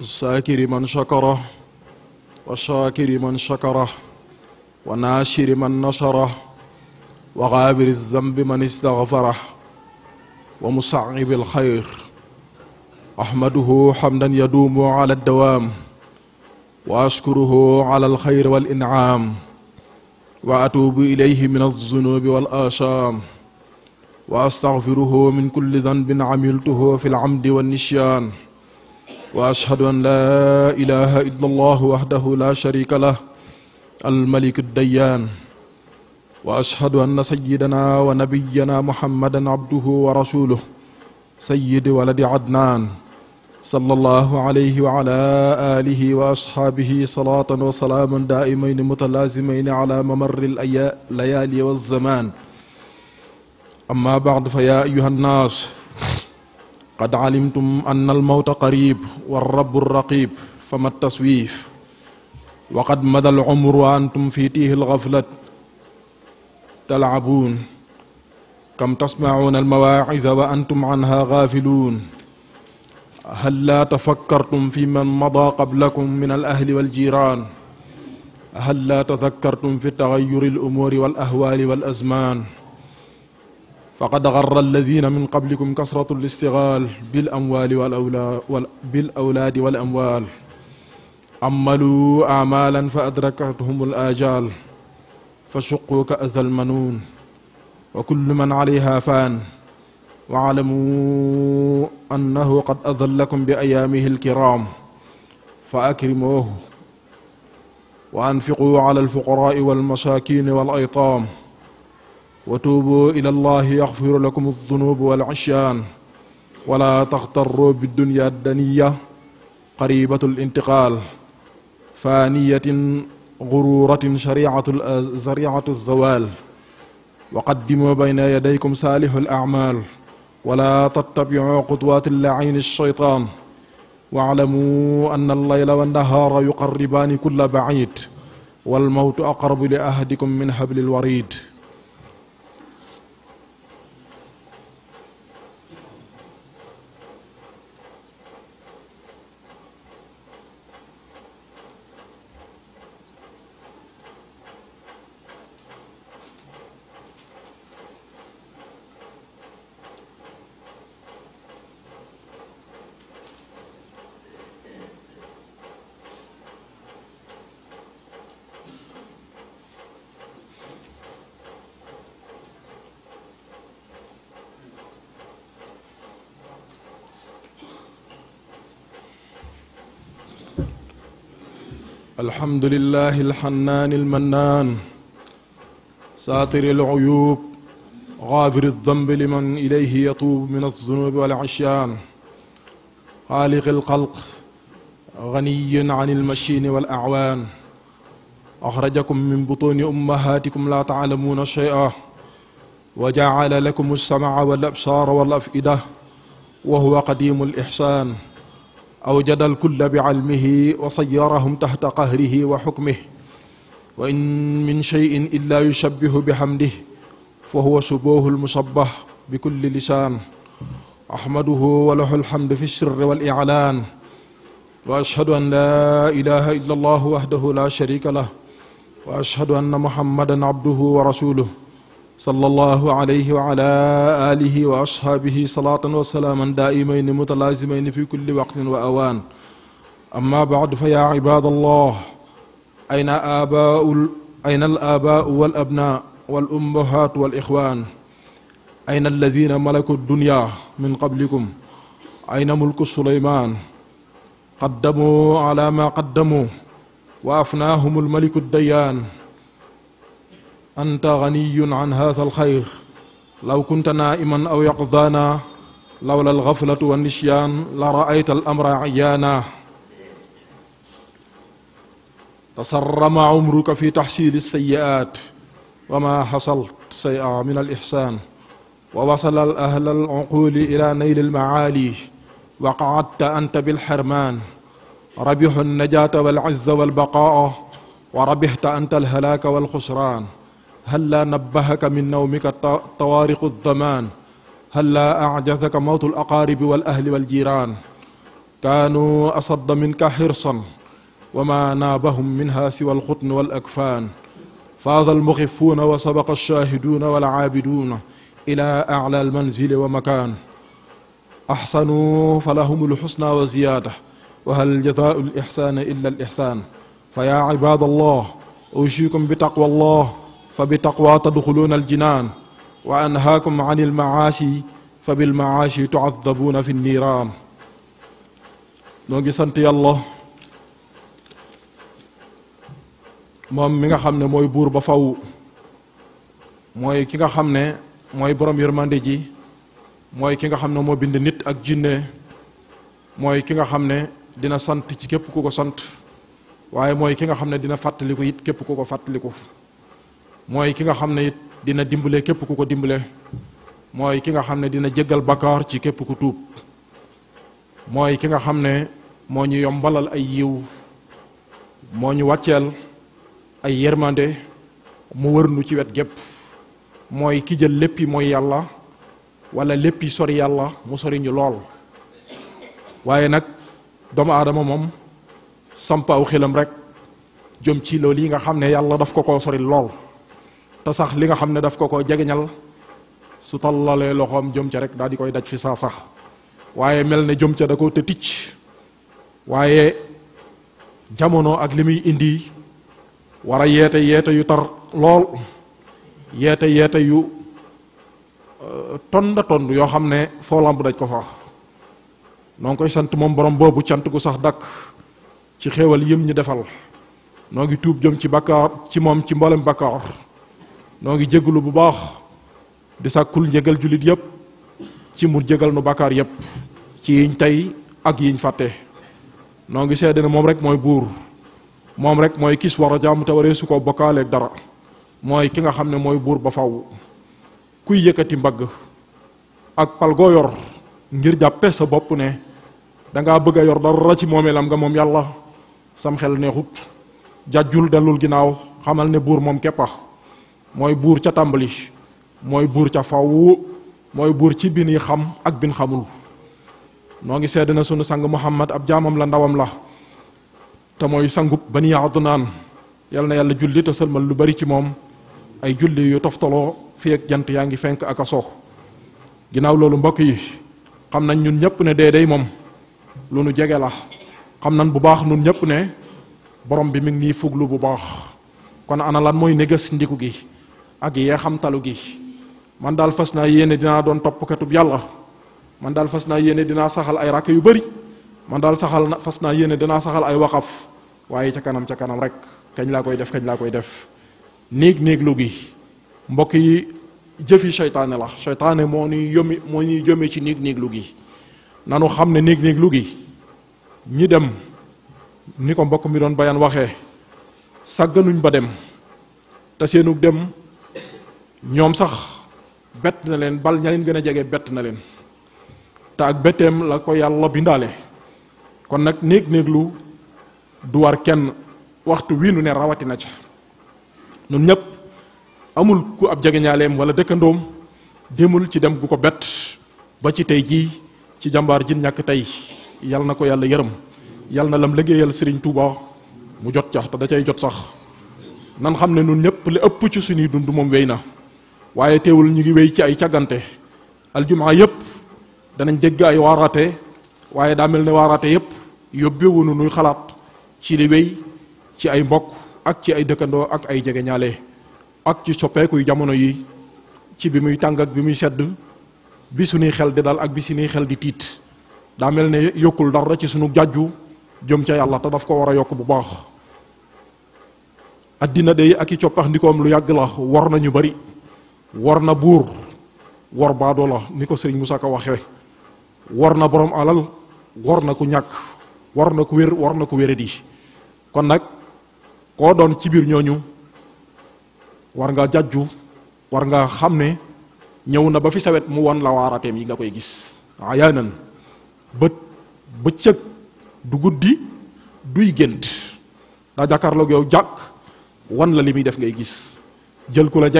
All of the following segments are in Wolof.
الشاكر من شكره والشاكر من شكره وناشر من نشره وغابر الذنب من استغفره ومصعب الخير أحمده حمدا يدوم على الدوام وأشكره على الخير والإنعام وأتوب إليه من الذنوب والآشام وأستغفره من كل ذنب عملته في العمد والنسيان واشهد ان لا اله الا الله وحده لا شريك له الملك الديان واشهد ان سيدنا ونبينا محمدا عبده ورسوله سيد ولد عدنان صلى الله عليه وعلى اله واصحابه صلاه وسلاما دائمين متلازمين على ممر الليالي والزمان اما بعد فيا ايها الناس قد علمتم أن الموت قريب والرب الرقيب فما التسويف وقد مدى العمر وأنتم في تيه الغفلة تلعبون كم تسمعون المواعظ وأنتم عنها غافلون هل لا تفكرتم في من مضى قبلكم من الأهل والجيران هل لا تذكرتم في تغير الأمور والأهوال والأزمان فقد غر الذين من قبلكم كثرة الاستغلال بالأموال والأولا بالأولاد والأموال عملوا أعمالا فأدركتهم الآجال فشقوا كأس المنون وكل من عليها فان واعلموا أنه قد أذلكم بأيامه الكرام فأكرموه وأنفقوا على الفقراء والمساكين والأيطام وتوبوا إلى الله يغفر لكم الذنوب والعشيان ولا تغتروا بالدنيا الدنية قريبة الانتقال فانية غرورة شريعة زريعة الزوال وقدموا بين يديكم صالح الأعمال ولا تتبعوا خطوات اللعين الشيطان واعلموا أن الليل والنهار يقربان كل بعيد والموت أقرب لأهدكم من حبل الوريد الحمد لله الحنان المنان ساتر العيوب غافر الذنب لمن إليه يطوب من الذنوب والعصيان خالق الخلق غني عن المشين والأعوان أخرجكم من بطون أمهاتكم لا تعلمون شيئا وجعل لكم السمع والأبصار والأفئدة وهو قديم الإحسان أوجد الكل بعلمه وصيرهم تحت قهره وحكمه وإن من شيء إلا يشبه بحمده فهو شبوه المشبه بكل لسان أحمده وله الحمد في السر والإعلان وأشهد أن لا إله إلا الله وحده لا شريك له وأشهد أن محمدا عبده ورسوله صلى الله عليه وعلى آله وأصحابه صلاة وسلاما دائمين متلازمين في كل وقت وأوان أما بعد فيا عباد الله أين آباء أين الآباء والأبناء والأمهات والإخوان أين الذين ملكوا الدنيا من قبلكم أين ملك سليمان قدموا على ما قدموا وأفناهم الملك الديان أنت غني عن هذا الخير لو كنت نائما أو يقظانا لولا الغفلة والنسيان لرأيت الأمر عيانا تصرم عمرك في تحصيل السيئات وما حصلت سيئا من الإحسان ووصل أهل العقول إلى نيل المعالي وقعدت أنت بالحرمان ربح النجاة والعز والبقاء وربحت أنت الهلاك والخسران هلا نبهك من نومك طوارق الزمان هلا أعجزك موت الأقارب والأهل والجيران كانوا أصد منك حرصا وما نابهم منها سوى القطن والأكفان فاض المغفون وسبق الشاهدون والعابدون إلى أعلى المنزل ومكان أحسنوا فلهم الحسنى وزيادة وهل جزاء الإحسان إلا الإحسان فيا عباد الله أوشيكم بتقوى الله فبتقوى تدخلون الجنان وأنهاكم عن المعاشي فبالمعاشي تعذبون في النيران نوغي سنتي الله مام ميغا خامني موي بور با موي كيغا خامني موي بروم يرماندي جي موي كيغا خامني مو بيند نيت اك جيني موي كيغا خامني دينا سانت سي كيب كوكو سانت واي موي كيغا خامني دينا فاتليكو ييت كيب كوكو فاتليكو mooy ki nga xam ne it dina dimbale képp ku ko dimbale mooy ki nga xam ne dina jéggal bakkaar ci képp ku tuub mooy ki nga xam ne moo ñu yombalal ay yiw moo ñu wàcceel ay yërmande mu wërnu ci wet gépp mooy ki jël léppi mooy yàlla walla léppi sori yàlla mu sori ñu lool waaye nag doomu aadama moom samp aw xelam rek jëm ci lii nga xam ne yàlla daf ko koo sori lool ta sax li nga xamne daf ko ko jegeñal su talale loxom jom ci rek dal di koy daj fi sa sax waye melne ne ci da ko te tich waye jamono ak indi wara yete yete yu tar lol yete yete yu euh, tonda ton yo xamne ne lamb daj ko fa non koy sant mom borom bobu cant gu sax dak ci xewal yim ñu defal nogi tuub jom ci bakkar ci mom ci mbolam bakkar no ngi jégalu bu baax di sàkkul njëgal julit yépp ci mu jégal nu bàkkaar yépp ci yiñ tey ak yiñ fàtte noo ngi seede ne moom rek mooy buur moom rek mooy kis war a jàmm te waree su koo bokkaaleeg dara mooy ki nga xam ne mooy buur ba faw kuy yëkkati mbagg ak pal goo yor ngir jàppe sa bopp ne da ngaa bëgg yor dara ci moomeelam nga moom yàlla sam xel neexut jajjul dellul ginnaaw xamal ne buur moom keppa moy bur ca tambali moy bur ca faw moy buur ci bini xam ak bin xamul no ngi sedd sunu sang muhammad ab jamam la ndawam la te moy sangub bani adnan yal na yalla julli te sëlmal lu bari ci mom ay julli yu toftalo fi ak jant yaangi fenk ak a ginaaw lolu mbok yi xam nañ ñun ñëpp ne dee mom lu nu jégé la xam nañ bu baax ñun ñëpp ne borom bi mi ngi fuglu bu baax kon ana lan moy ndiku gi ak yee talu gi man dal fas yene dina don top katub yalla man dal fas yene dina saxal ay rak yu bari man dal saxal na yene dina saxal ay waqaf waye ca kanam ca kanam rek kagn la koy def kagn la koy def neeg neeg lu gi mbok yi jeufi shaytan la shaytan mo ni yomi mo nig jome ci neeg neeg lu gi nanu xamne neeg neeg lu gi ñi dem ni mbok mi don bayan waxe sagganuñ ba dem ta dem ñoom sax bett na leen bal ña leen gën a jege bett na leen te ak betteem la ko yàlla bindaale kon nag néeg néeglu du war kenn waxtu wii nu ne rawatina na ca ñun ñëpp amul ku ab jegeñaaleem wala dëkkandoom demul ci dem gu ko bett ba ci tey jii ci jambaar ji ñàkk tey yal na ko yàlla yërëm yal na lam liggéeyal Serigne Touba mu jot ca te da cay jot sax nan xam ne nun ñëpp li ëpp ci suñuy dund moom wéy na waaye teewul ñu ngi wéy ci ay càggante aljumaa yëpp danañ dégg ay waaraate waaye daa mel ne waaraate yëpp yóbbewunu nuy xalaat ci li wéy ci ay mbokk ak ci ay dëkkandoo ak ay jegeñaale ak ci soppeekuy jamono yi ci bi muy tàng ak bi muy sedd bi suñuy xel di dal ak bi suñuy xel di tiit daa mel ni yokkul dara ci sunu jàjju jëm ca yàlla te daf ko war a yokk bu baax addina day ak i coppax ndikoom lu yàgg la war nañu bari Warna bur, warna ba do la ni ko warna Moussa borom alal warna kunyak, ku ñak warna kuir ku wer warna ku nyonyu, warga kon warga ko doon ci bir ñooñu war nga jajju war nga xamne ñew di, na ba fi sawet mu won la waratem yi nga koy gis ayanan du guddii duy da jakarlo yow jak wan la limi def ngay gis jël ku la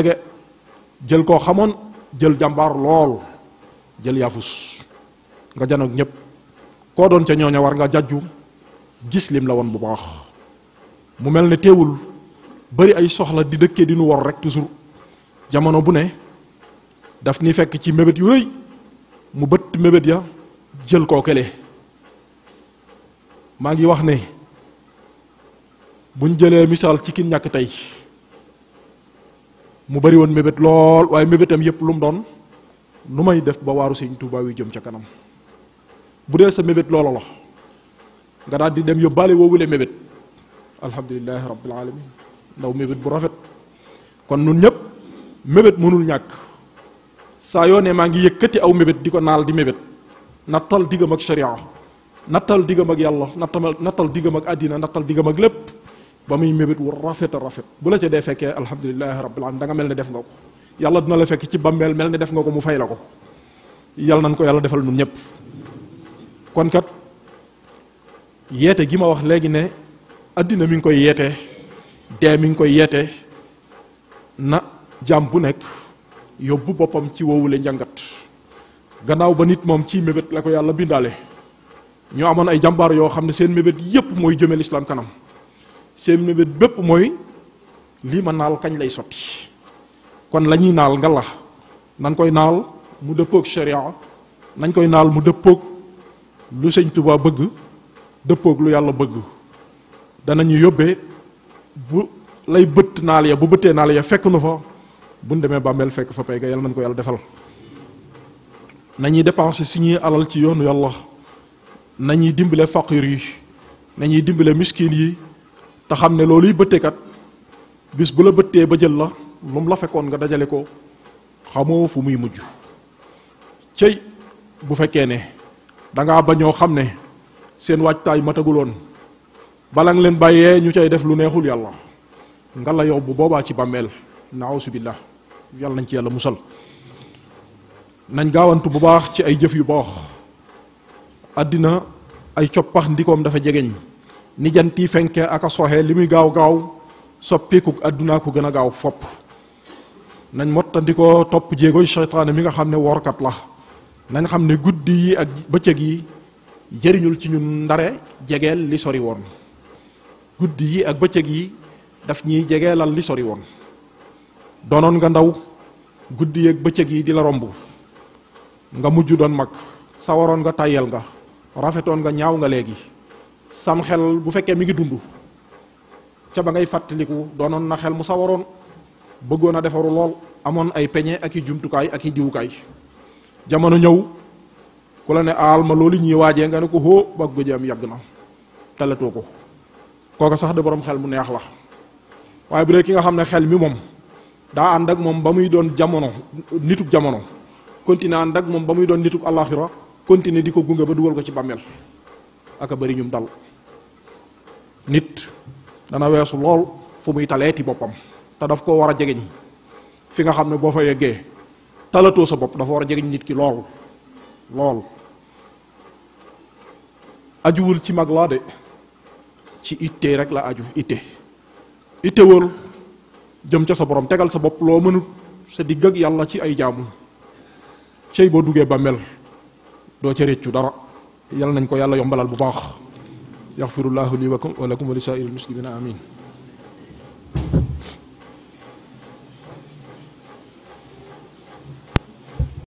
jël koo xamoon jël jàmbaar lool jël yafus nga janoog ñëpp koo doon ca ñooña war nga jajju gis lim la woon bu baax mu mel ne teewul bari ay soxla di dëkkee di nu wor rek toujours jamono bu ne daf ni fekk ci mébét yu rëy mu bëtt mébét ya jël koo kele maa ngi wax ne buñ jëlee misaal ci kin ñàkk tey mu bari woon mébét lool waaye mébétam yëpp lu mu doon lu may def ba waaru sëñ Tuubaa jëm ca kanam bu dee sa mébét loola la nga daal di dem yóbbaale woowule mébét alhamdulilahi rabbil alamin ndaw mébét bu rafet kon nun ñëpp mébét mënul ñàkk saa yoonee maa ngi yëkkati aw mébét di ko naal di mébét nattal diggam ak sharia nattal diggam ak yàlla nattal nattal diggam ak àddina nattal diggam ak lépp ba muy mébét wu rafet a rafet bu la ca dee fekkee alhamdulilahi rabbil alamin da nga mel ne def nga ko yàlla dina la fekk ci bàmmeel mel ne def nga ko mu fay la ko yàlla nañ ko yàlla defal ñun ñëpp kon kat yeete gi ma wax léegi ne addina mi ngi koy yeete dee mi ngi koy yeete na jaam bu nekk yóbbu boppam ci woowule njàngat gannaaw ba nit moom ci mébét la ko yàlla bindaale ñoo amoon ay jàmbaar yoo xam ne seen mébét yépp mooy jëme lislaam kanam seen mébét bépp mooy lii ma naal kañ lay sotti kon lañuy ñuy naal nga la nañ koy naal mu dëppoog sharia nañ koy naal mu dëppoog lu sëñ Tuubaa bëgg dëppoog lu yàlla bëgg danañu yóbbee bu lay bëtt naal ya bu bëttee naal ya fekk nu fa bu ñu demee bàmmeel fekk fa pay ga yàlla nañ ko yàlla defal nañuy dépenser suñuy alal ci yoonu yàlla nañuy dimbale faqir yi nañuy dimbale miskin yi te xamne ne loolu yi bis bu la beuté ba jël la mom la fekkon nga dajalé ko xamoo fu muy mujju cey bu fekké ne da ngaa bañoo xam ne seen waajtaay mataguloon bala balang len bayé ñu cey def lu neexul yalla nga la yow bu boba ci bamél naawsu billah yalla nañ ci yalla musal nañ bu baax ci ay jëf yu baax adina ay ciopax ndikom dafa nijanti fenke aka soxe limi gaw gaw, gaaw soppiku adduna ko gaw a gaaw fopp nañ mottandikoo top jéegoy shaytan mi nga xam wor workat la nañ xam guddi yi ak beccëg yi jëriñul ci ñun ndare jégel li sori won guddi yi ak beccëg yi daf ñi jégelal li sori won donon nga ndaw guddi ak beccëg yi di la rombu nga don mak sa waron nga tayel nga rafeton nga ñaaw nga sam xel bu fekke mi ngi dundu ca ba ngay fàttaliku doonoon na xel mu sawaroon bëggoon defaru lol kai. ay peñe ak jumtu kay ak diwu kay jamono ñew ku la ne aal ma loli ñi waje nga ne ko ho bak gëj am yàgg na ko kooka sax de borom xel mu neex la waye bu ki nga xamne xel mi mom da and ak mom ba muy jamono nituk jamono continuer ak mom ba muy doon nitug àllaaxira continuer di ba ko ci aka beri ñum dal nit dana wessu lool fu muy taleeti bopam ta daf ko wara a fi nga xamne ne fa yeggee talato sa bop dafa wara a nit ki lool lool ajuwul ci mag de ci itte rek la aju itte itte wol jëm ci sa borom tegal sa bop lo mënut sa digg ak yalla ci ay jaamu cey bo duggé ba mel do ci réccu dara yal nañ ko yàlla yombalal bu baax yaxfirullahu li wakum wa lakum wa li saa'iril muslimina amin